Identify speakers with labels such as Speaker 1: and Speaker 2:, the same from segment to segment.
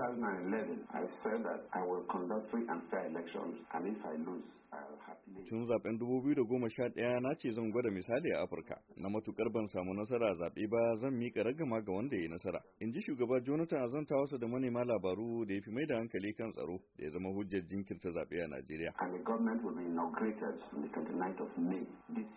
Speaker 1: 2011, I said that I will conduct free and fair elections, and if I lose, I'll
Speaker 2: happily. Tun zaben 2011 na ce zan gwada misali a Afirka, na matuƙar ban samu nasara zaɓe ba zan miƙa ragama ga wanda ya yi nasara. In ji shugaba Jonathan zan ta tawasa da manema labaru da ya fi mai da hankali kan tsaro da ya zama hujjar jinkirta zaɓe a Najeriya.
Speaker 1: And the government will be inaugurated on the 29th of May this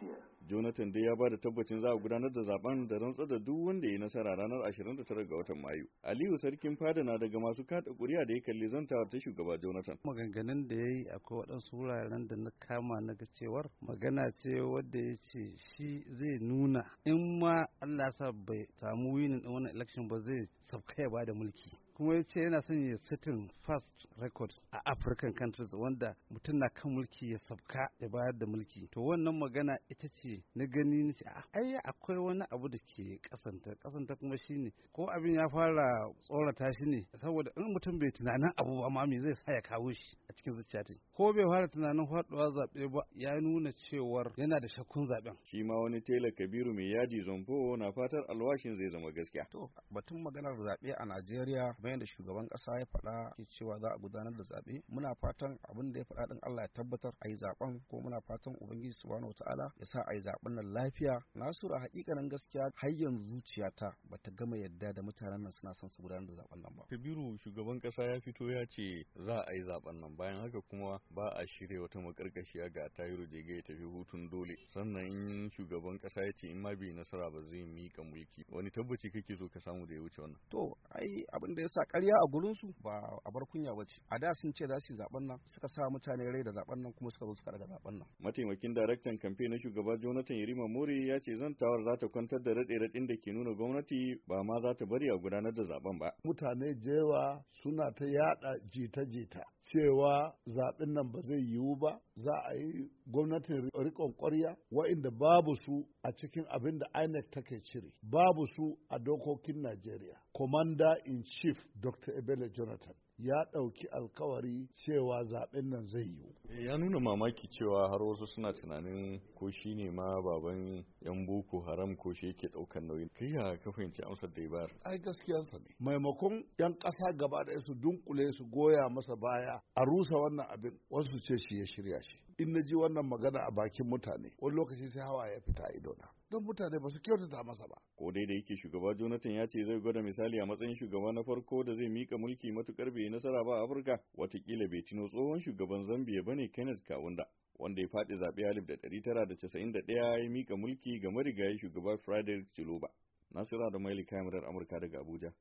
Speaker 2: jonathan dai ya ba da tabbacin za a gudanar da zaben da rantsar da duk wanda ya nasara ranar 29 ga watan mayu aliyu sarkin fada na daga masu kada kuri'a da ya kalli zantawar ta shugaba jonathan
Speaker 3: maganganun da ya yi akwai waɗansu wuraren da na kama na ga cewar magana ce wadda ya ce shi zai nuna in ma allah sa bai samu winin wannan election ba zai tafkaya ya ba da mulki kuma ya ce yana son ya setting fast record a african countries wanda mutum na kan mulki ya sabka ya bayar da mulki to wannan magana ita ce na gani na ce ah, ai akwai wani abu da ke kasanta kasanta kuma shine ko abin ya fara tsorata shi ne saboda in mutum bai tunanin abu ba ma zai sa ya kawo shi a cikin zuciya ko bai fara tunanin faduwa zaɓe ba ya nuna cewar yana da shakkun zaɓen
Speaker 2: shi ma wani tela kabiru mai yadi zombo na fatar alwashin zai zama gaskiya to
Speaker 3: batun maganar zaɓe a najeriya kamar da shugaban
Speaker 1: kasa ya faɗa ke cewa za a gudanar da zaɓe muna fatan abin da ya faɗa ɗin Allah ya tabbatar a yi zaɓen ko muna fatan ubangiji subhanahu wataala ya sa a yi zaɓen nan lafiya nasura hakikanin gaskiya har yanzu zuciyata ba ta gama yadda da mutanen nan suna son su gudanar da zaɓen nan ba
Speaker 2: kabiru shugaban kasa ya fito ya ce za a yi zaɓen nan bayan haka kuma ba a shirya wata makarkashiya ga tayiru jega ya tafi hutun dole sannan in shugaban kasa ya ce in ma bai nasara ba zai mika mulki wani tabbaci kake so ka samu da ya wuce wannan to
Speaker 1: ai abin da ya sa karya a gurin su? ba a bar kunya ba ce a da sun ce za su yi zaben nan suka sa mutane rai da zaben nan kuma suka zo
Speaker 2: suka daga zaben nan mataimakin daraktan kamfe na shugaba jonathan yarima more ya ce zantawar za ta kwantar da rade da ke nuna gwamnati ba ma za ta bari a gudanar da zaben ba
Speaker 4: mutane jewa suna ta yada jita-jita cewa zaben nan ba zai yiwu ba za a yi gwamnatin rikon ƙwarya wa'inda babu su a cikin abin da INEC take cire babu su a dokokin Najeriya commander in chief dr ebele jonathan ya ɗauki alkawari cewa zaɓen nan zai yiwu.
Speaker 2: Eh, ya nuna mamaki cewa har wasu suna tunanin ko shi ne ma baban yan boko haram ko shi yake ɗaukan nauyin kai ya ka fahimci amsar da ya bayar
Speaker 4: ai gaskiyarsa ne maimakon yan ƙasa gaba da su dunkule su goya masa baya a rusa wannan abin wasu ce shi ya shirya shi in na ji wannan magana a bakin mutane wani lokaci sai hawa ya fita idona don mutane ba su kyautata masa ba
Speaker 2: ko dai da yake shugaba jonathan ya ce zai gwada misali a matsayin shugaba na farko farko da zai mika mulki matukar bai nasara ba Afirka watakila bai tino tsohon shugaban Zambia ne Kenneth Kaunda wanda ya faɗi zaɓe alif da ɗari tara da casa'in da ɗaya ya mika mulki ga marigayi shugaba Frederick Chiloba. Nasira da Maili kamarar Amurka daga Abuja,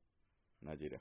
Speaker 2: Najeriya.